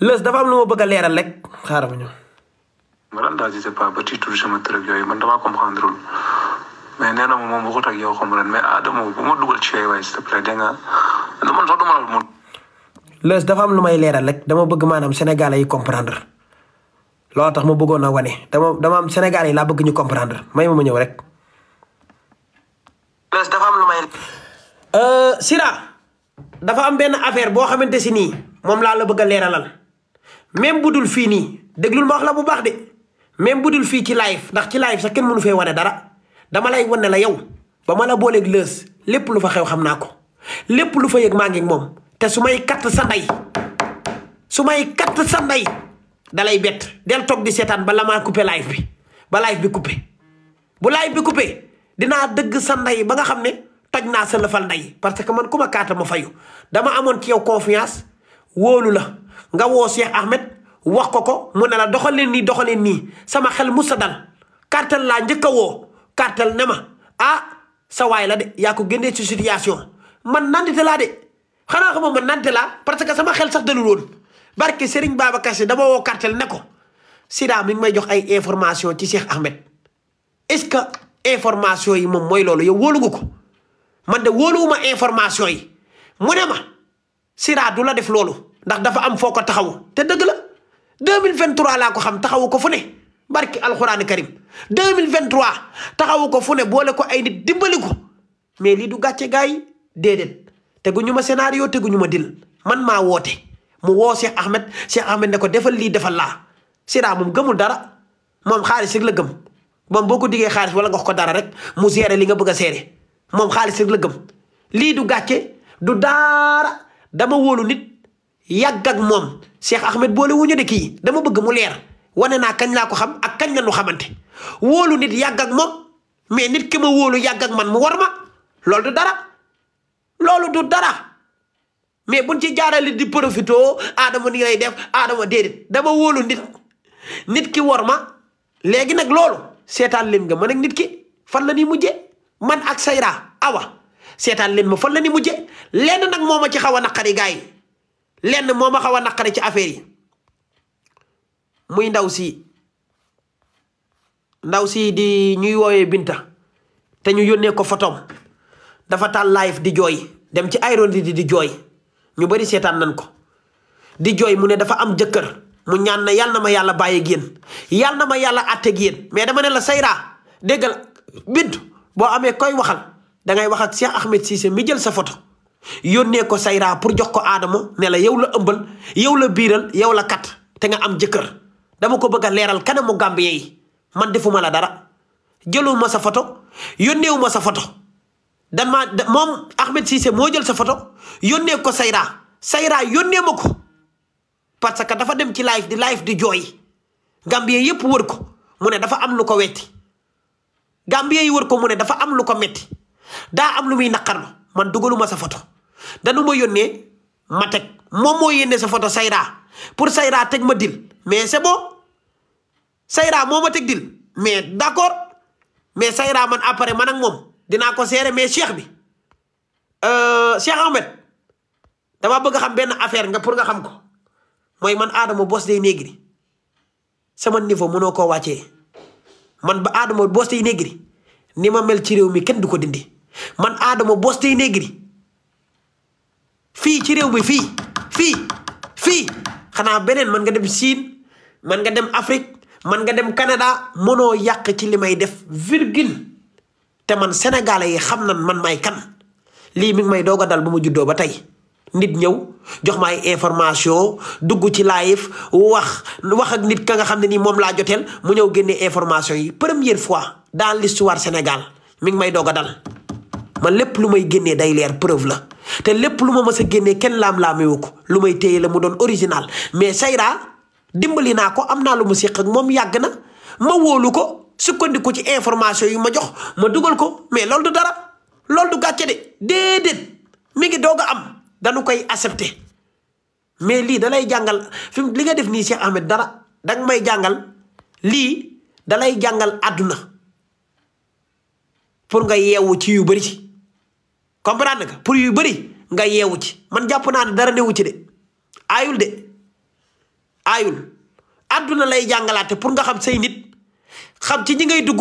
lës dafa am lu bëgg a leeral rek sama tërëg man damaa comprendre mais nee na ma moom waxut ak yow xam ren mais Adama bu ma man sax dama dafa lu may leeral rek dama bëgg maanaam sénégalais yi comprendre loolu tax ma bëggoon a wane dama dama am sénégalais yi laa bëgg ñu comprendre may ma ma ñëw rek. lës dafa am lu may. Euh, Sira dafa am benn affaire boo xamante si nii moom laa la bëgg a leeralal. même budul fii nii déglul ma wax la bu baax de même budul fii ci live ndax ci live sa kenn mënu fee wane dara dama lay wane la yow ba ma la booleeg lës lépp lu fa xew xam naa ko lépp lu fa yëg maa ngi moom te su may katt sa ndey su may katt sa ndey dalay bett del toog di seetaan ba la maa coupé bi ba live bu live bi coupé dinaa dëgg sa ndey ba nga xam ne toj naa sa lëfal ndey parce que man ku ma kaata ma fayu dama amoon ci yow confiance woolu la nga woo Cheikh Ahmed wax ko ko mu ne la doxaleen nii doxaleen nii sama xel musa dal kartal laa njëkk a woo kartal ne ma ah sa waay la de yaa ko génnee ci situation man nandite laa de xanaa xama man nandite laa parce que sama xel sax dalul woon barke Serigne Babacar Sy dama woo kartal ne ko Sida mi ngi may jox ay information ci Cheikh Ahmed est-ce que information yi moom mooy loolu yow wóolu nga ko man de wóoluwuma information yi mu ne ma Sida du la def loolu ndax dafa am foo ko taxaw te dëgg la 2023 laa ko xam taxawu ko fu ne barki alxuraani karim 2023 taxawu ko fu ne boole ko ay nit dimbali ko mais lii du gàcce gars yi déedéet teguñu ma scénario teguñu ma dil man maa woote mu woo Cheikh Ahmed Cheikh Ahmed ne ko defal lii defal laa Sira moom gëmul dara moom xaalis rek la gëm moom boo ko diggee xaalis wala nga ko dara rek mu seere li nga bëgg a seere moom xaalis rek la gëm lii yàgg moom Cheikh Ahmed boole wuñu de kii dama bëgg mu leer wane naa kañ laa ko xam ak kañ la ñu xamante woolu nit yàgg ak moom mais nit ki ma woolu yàgg man mu war ma loolu du dara loolu du dara mais buñ ci jaarale di profité aadama ni ngay def aadama déedéet dama woolu nit nit ki war ma léegi nag loolu seetaan lim nga ma ak nit ki fan la nii mujje man ak sayra awa seetaan leen ma fan la ni mujje lenn nag moom ma ci xaw a naqari yi lenn moo ma xaw a naqare ci affaire yi muy ndaw si ndaw si di ñuy woowee Binta te ñu yónnee ko fotoom dafa taal live di jooy dem ci Irondidi di di jooy ñu bari seetaan nañ ko di jooy mu ne dafa am jëkkër mu ñaan na yàlla na ma yàlla bàyyi génn yàlla na ma yàlla àtte génn mais dama ne la sayraa déggal Bintu boo amee koy waxal dangay ngay wax ak Cheikh Ahmed Cissé mi jël sa photo yónnee ko sayraa pour jox ko aadama ne la yow la ëmbal yow la biiral yow la kat te nga am jëkkër dama ko bëgg a leeral kanamu Gambien man defuma la dara jëluma sa photo yónneewuma sa photo dan maa moom Ahmed Cissé moo jël sa photo yónnee ko sayraa sayraa yónnee ma ko parce que dafa dem ci live di live di jooy Gambien yépp wër ko mu ne dafa am lu ko wetti Gambien yi wër ko mu ne dafa am lu ko metti daa am lu muy naqarlu man dugaluma sa photo danu ma yónnee ma teg moom moo yónnee sa photo Sayra pour Sayra teg ma dil mais c'est bon Sayra moo ma teg dil mais d'accord mais Sayra man après man ak moom dinaa ko seere mais Cheikh bi euh, Cheikh Ahmed dama bëgg xam benn affaire nga pour nga xam ko mooy man Adama Boss Day Negri sama niveau mënoo ko wàccee man ba Adama Boss Day Negri ni ma mel ci réew mi kenn du ko dindi. man Adama Bosté Negri fii ci réew mi fii fii fii xanaa beneen man nga dem Chine man nga dem Afrique man nga dem Canada mënoo yàq ci li may def virgule te man sénégalais yi xam nan man may kan lii mi ngi may doog a dal ba ma juddoo ba tey nit ñëw jox ma information dugg ci live wax wax ak nit ka nga xam ne nii moom laa joteel mu ñëw génne information yi première fois dans l'histoire Sénégal mi ngi may doog a dal man lépp lu may génnee day leer preuve la te lépp lu ma mës a génnee kenn laam-laamewu ko lu may téye la mu doon original mais Seyra dimbali naa ko am naa lu mu séq ak moom yàgg na ma wóolu ko sukkandiku ci information yi ma jox ma dugal ko mais loolu du dara loolu du gàcce de déedéet mi ngi doog a am dañu koy accepté mais lii dalay jàngal fi li nga def nii Cheikh Ahmed dara danga may jàngal lii dalay jàngal àdduna pour nga yeewu ci yu bari ci comprendre nga pour yu bëri nga yeewu ci man jàpp naa dara newu ci de aayul de aayul àdduna lay jàngalaate pour nga xam say nit xam ci ñi ngay dugg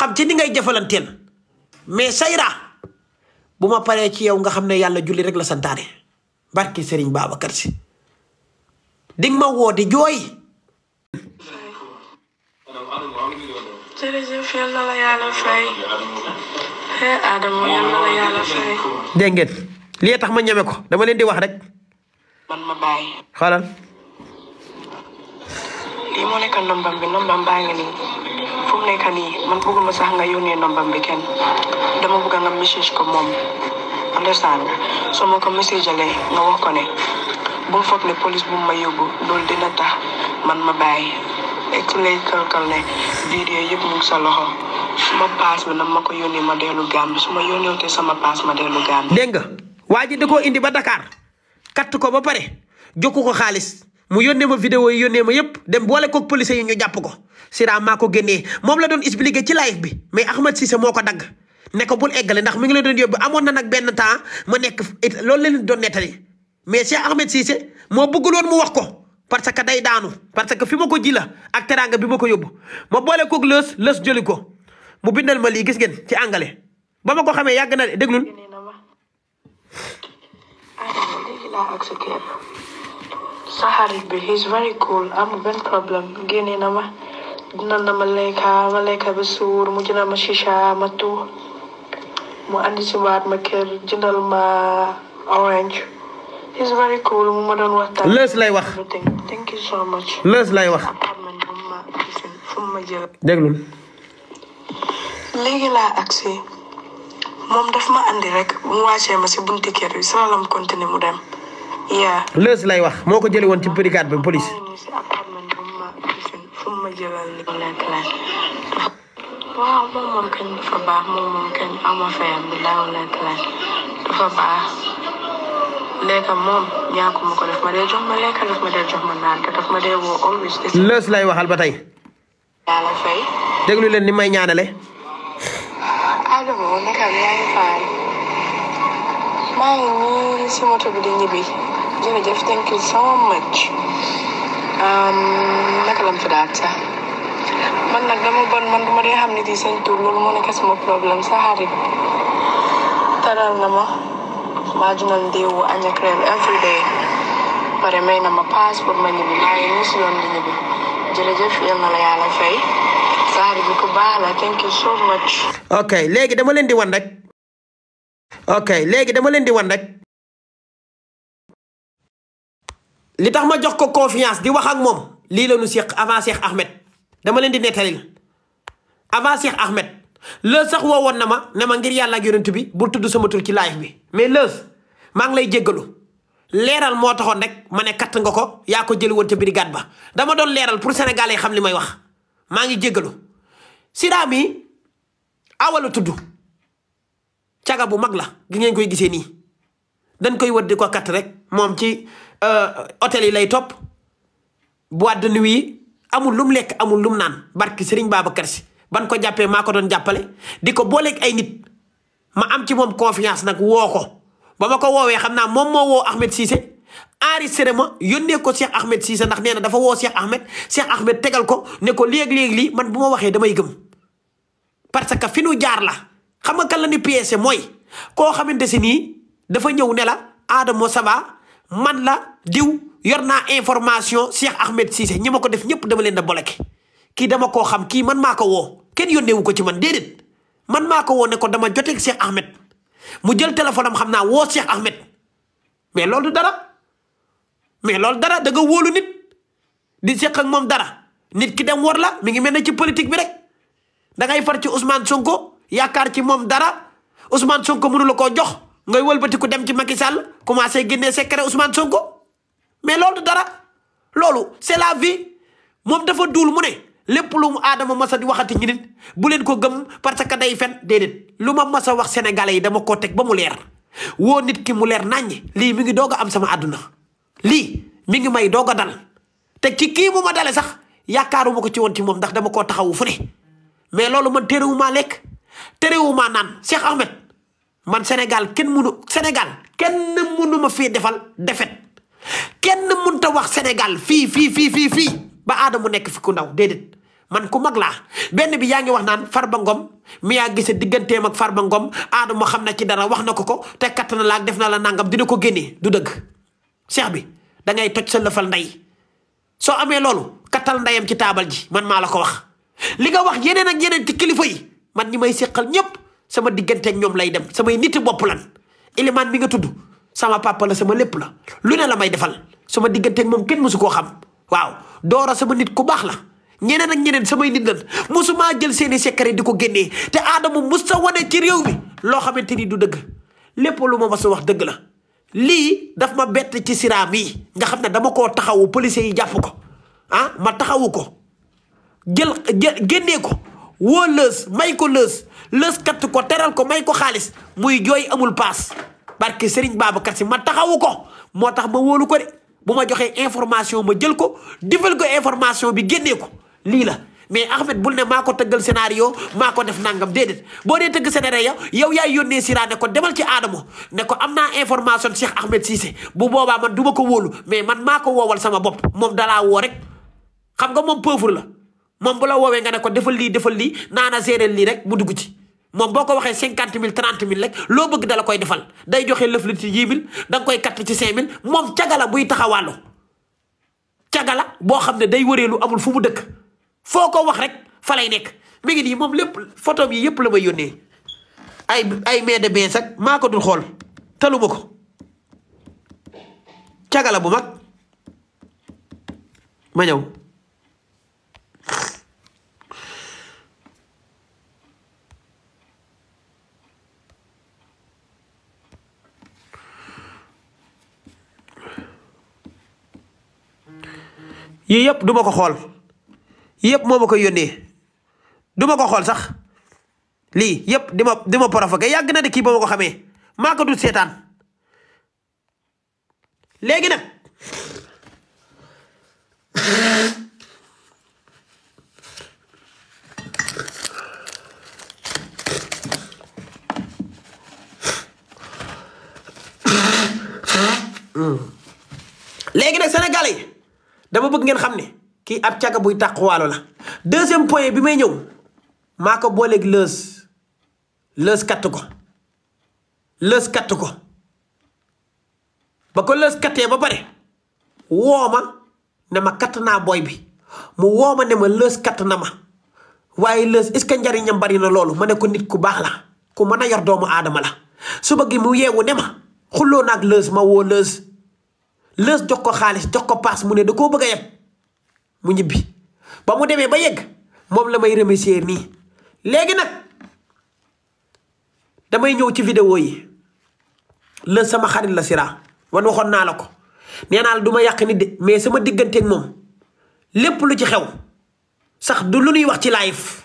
xam ci ñi ngay jëfalanteel mais sayra bu ma paree ci yow nga xam ne yàlla julli rek la santaane barki sëriñ Babacar Si dinga ma woo di jooy Adama yal na la tax ma ñeme ko dama leen di wax rek. man ma bàyyi. xoolal. lii moo nekk ndombam bi ndombam baa ngi nii fu mu nekk nii man bëgguma sax nga yónnee ndombam bi kenn dama bëgg nga message ko moom understand soo ma ko message alee nga wax ko ne bu mu foog ne police bu ma yóbbu loolu dina tax man ma bàyyi. et ci lay kalkale biir yooyu yëpp bi ma ko yónnee ma dellu Gàmbi su sama paas ma dellu Gàmbi. dégg nga waa ji da koo indi ba Dakar katt ko ba pare jokku ko xaalis mu yónnee ma vidéo yi yónnee ma yëpp dem boole koog police yi ñu jàpp ko Sira maa ko génnee moom la doon expliqué ci live bi mais Ahmed Cissé moo ko dagg. ne ko bul eggale ndax mi ngi la doon yóbbu amoon na nag benn temps ma nekk loolu la leen doon nettali mais Cheikh Ahmed Cissé moo bëggul woon mu wax ko. parce que day daanu parce que fi ma ko ji ak teraanga bi ma ko yóbbu ma boole koog lës lës jëli mu bindal ma lii gis ngeen ci angale ba ma ko xamee yàgg na de déglul. sa xarit bi he's very cool amul benn problème génnee na ma dina na ma lekka ba suur mu jëndal ma chicha ma tuux mu andi si waat ma kër jëndal ma orange he's very cool mu ma doon waxtaan. lës lay wax. thank you so much. lës lay wax. déglul. léegi laa agsi moom daf ma andi rek bu mu wàccee ma si bunti kër bi sama lam continué mu dem. yaa. lës lay wax moo ko jëlee woon ci brigade bi police. waaw moom moom kañ dafa baax moom moom kañ ama fayam bi laaw la dafa baax. lekkam moom ñaakuma ko def ma dee jox ma lekk def ma dee jox ma naan def ma dee woo always. lës lay waxal ba tey. yàlla fay. leen ni may ñaanale. Adama naka yaa ngi faal. maa ngi nii si moto bi di ñibbi. jërëjëf thank you so much. Um, naka la mu sax. man nag dama bon man duma dee xam ne di seen tur loolu moo nekk sama problème sa xarit. taral na ma. marginal day wo anyakren everyday pare may na ma paas pour ma ñibbi maa ngi nii jërëjëf yal na ok léegi dama leen di wan rek ok léegi dama leen di wan rek li tax ma jox ko confiance di wax ak moom lii la ñu seq avant Cheikh Ahmed dama leen di nettalil avant Cheikh Ahmed lëës sax woowoon na ma ne ma ngir yàlla ak yonent bi bu tudd sama tur ci live bi mais lëës maa ngi lay jéggalu leeral moo taxoon rek ma ne katt nga ko yaa ko jëli woon te brigade ba dama doon leeral pour sénégalais xam ni may wax maa ngi jéggalu sida mi awala tudd caga bu mag la gi ngeen koy gisee nii dañ koy wër ko katt rek moom ci euh, hôtel yi lay topp boîte de nuit yi amul lum lekk amul lum naan barki Serigne Babacar Sy ban ko jàppee maa ko doon jàppale di ko booleeg ay nit ma am ci moom confiance nag woo ko ba ma ko woowee xam naa moom moo woo Ahmed Cissé enregistré ma yónnee ko Cheikh Ahmed Cissé ndax nee na dafa woo Cheikh Ahmed Cheikh Ahmed tegal ko ne ko léeg-léeg lii man bu waxee damay gëm parce que fi nu jaar la xam nga kan la ni mooy koo xamante si nii dafa ñëw ne la Adamo ça man la diw yor naa information Cheikh Ahmed Cissé ñi ma ko def ñëpp dama leen da bloqué kii dama koo xam kii man maa ko woo kenn yónneewu ko ci man déedéet man maa ko woon ko dama joteeg Cheikh Ahmed mu jël téléphone am xam naa woo Cheikh Ahmed mais loolu dara mais loolu dara da woolu nit di seq ak moom dara nit ki dem war la mi ngi mel ne ci politique bi rek da ngay far ci Ousmane Sonko yaakaar ci moom dara Ousmane Sonko mënu la koo jox ngay wëlbatiku dem ci Macky Sall commencé génnee secret Ousmane Sonko mais loolu dara loolu c'est la vie moom dafa duul mu ne. lépp lu mu aadama masa di waxati ñi nit bu leen ko gëm parce que day fen déedéet lu ma masa wax sénégalais yi dama koo teg ba mu leer woo nit ki mu leer naññ lii mi ngi doog a am sama àdduna lii mi ngi may doog a dal te ci kii mu ma dale sax yaakaaruma ko ci woon ci moom ndax dama koo taxawu fu ne mais loolu man terewumaa lekk terewumaa naan Cheikh Ahmed man Sénégal kenn munu Sénégal kenn munu ma fii defal defet kenn munta wax Sénégal fii fii fii fii fii ba aadama nekk fi ku ndaw déedéet man ku mag laa benn bi yaa ngi wax naan ba ngoom mi yaa gisee digganteem ak Farba Ngom aadama xam na ci dara wax na ko ko te kattana na def na la nangam dina ko génnee du dëgg seex bi da ngay toj sa lëfal ndey soo amee loolu kattal ndeyam ci taabal ji man maa la ko wax li nga wax yeneen ak yeneen ci kilifa yi man ñi may séqal ñëpp sama diggante ñoom lay dem samay niti bopp lan ilimaan mi nga tudd sama papa la sama lépp la lu ne la may defal sama diggante moom kenn mësu koo xam waaw doora sama nit ku baax la ñeneen a ñeneen samay nit lan mosumaa jël seeni secret di ko génnee te aadama mos sa wane ci réew mi loo xamante ni du dëgg lépp lu ma mos a wax dëgg la lii daf ma bett ci siraam yi nga xam ne dama ko taxawu policiers yi jàpp ko ah ma taxawu ko jël génnee ko woo lës may ko lës lës katt ko teral ko may ko xaalis muy jooy amul paas barke Serigne Babacar si ma taxawu ko moo tax ma wóolu ko de bu ma joxee information ma jël ko defal ko information bi génnee ko lii la mais Ahmed bul ne maa ko tëggal scénario maa ko def nangam déedéet boo dee tëgg scénario yow yaay yónnee Sira ne ko demal ci aadama ne ko am naa information Cheikh Ahmed Cissé bu boobaa man duma ko woolu mais man maa ko woowal sama bopp moom dalaa woo rek xam nga moom pauvre la moom bu la woowee nga ne ko defal lii defal lii naana séeréel lii rek mu dugg ci moom boo ko waxee cinquante mille trente mille rek loo bëgg dala koy defal day joxe lëf li ci dix mille da koy katt ci cinq mille moom cagala buy taxawàllu cagala boo xam ne day wëreelu amul fu mu dëkk foo ko wax rek fa lay nekk mi ngi nii moom lépp photo yi yëpp la may yónnee ay ay main de bain sax maa ko dul xool taluma ko cagala bu mag ma ñëw yii yëpp du ma ko xool yëpp moo ma ko yónnee du ma ko xool sax lii yëpp dima ma di ma provoqué yàgg na de kii ba ma ko xamee maa ko dul seetaan léegi nag léegi nag Sénégal yi dama bëgg ngeen xam ne kii ab caga buy tàquwaalo la deuxième point bi may ñëw maa ko booleeg lës lës katt ko lës katt ko ba ko lës kattee ba pare woo ma ne ma katt naa booy bi mu woo ma ne ma lës katt na ma waaye lës est-ce que njariñam bari na loolu ma ne ko nit ku baax la ku mën a yor doomu aadama la suba gi mu yeewu ne ma xulloo naag lës ma woo lës lës jox ko xaalis jox ko paas mu ne da koo bëgg a yeb mu ñibbi ba mu demee ba yegg moom la may remercier nii léegi nag damay ñëw ci vidéo yi lës sama xarit la siraa wan waxoon naa la ko nee naa la du ma yàq nit de mais sama digganteeg moom lépp lu ci xew sax du lu ñuy wax ci live